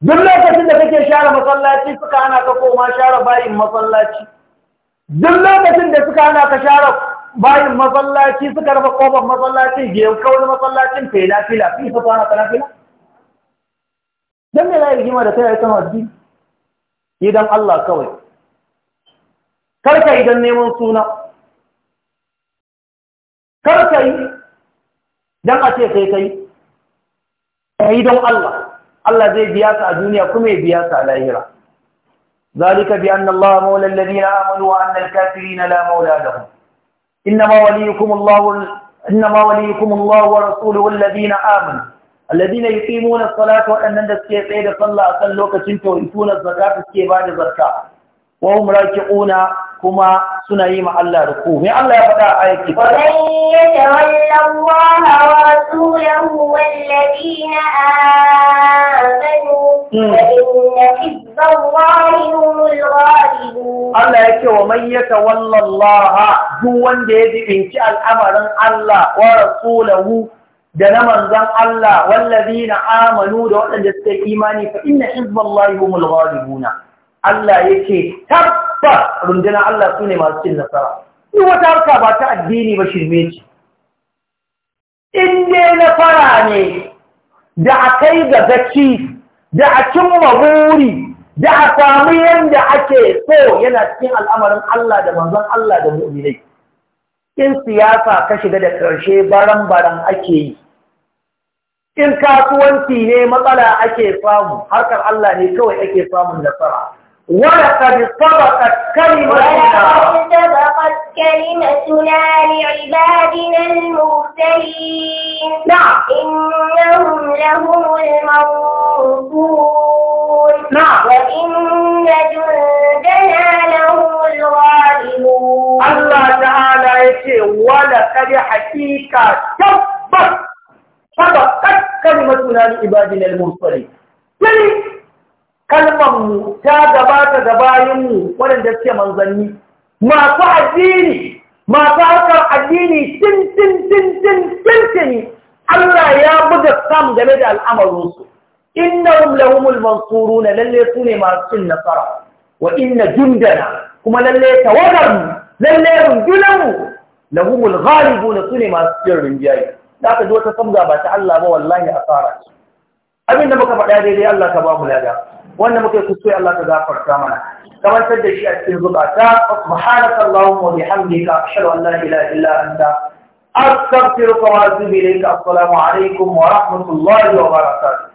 duk lokacin da kake share masallaci suka hana ka koma share bayin masallaci duk lokacin da suka hana ka share bayan masallaci suka raba kofar masallacin biyan kawai masallacin fela-fela fi su fara fela-fela Don me lai rigima da ta yi kan addini idan Allah kawai karka idan neman suna karka yi don a ce kai kai yi don Allah Allah zai biya ka a duniya kuma ya biya ka a lahira ذلك بأن الله مولى الذين آمنوا وأن الكافرين لا مولى لهم إنما وليكم الله إنما وليكم الله ورسوله الذين آمنوا الذين يقيمون الصلاة وأن الناس كيف صلى أصلوا كشنتوا يؤتون الزكاة كيف بعد الزكاة wa hum raki'una kuma suna yi ma Allah ruku me Allah ya faɗa a yake fa man yatawalla Allah wa rasulahu wal ladina amanu hmm. fa inna hizba Allah humul ghalibun Allah yake wa man yatawalla Allah duk wanda ya jibinci al'amarin Allah wa rasulahu da na manzan Allah wal ladina amanu da waɗanda suka imani fa inna hizba Allah humul ghalibuna Allah yake tabbas rundunar Allah su ne masu cin nasara duk wata harka ba ta addini ba shirme ce in dai na fara ne da a kai ga gaci da a cimma buri da a samu yadda ake so yana cikin al'amarin Allah da manzon Allah da mu'minai in siyasa ka shiga da ƙarshe baran-baran ake yi in kasuwanci ne matsala ake samu harkar Allah ne kawai ake samun nasara ولقد سبقت كلمتنا سبقت كلمتنا لعبادنا المرسلين نعم إنهم لهم المنصورون نعم وإن جندنا لهم الغالبون الله تعالى يقول ولقد حكيك سبقت سبقت كلمتنا لعبادنا المرسلين يعني kalmanmu ta gabata da bayanmu waɗanda suke manzanni masu addini masu harkar addini tin tin tin tin tin Allah ya buga sam game da al'amarinsu innahum lahumul mansuruna lalle su ne masu cin nasara wa inna jundana kuma lalle tawagarmu lalle rundunanmu lahumul na su ne masu cin rinjaye da aka ji wata samga ba ta Allah ba wallahi asara ce abin da muka faɗa daidai Allah ka ba mu lada wanda muke kuskure Allah ta gafarta mana kamantar da shi a cikin zukata subhanaka allahumma wa bihamdika ashhadu an la ilaha illa anta astaghfiruka wa atubu ilayka assalamu alaikum wa rahmatullahi wa barakatuh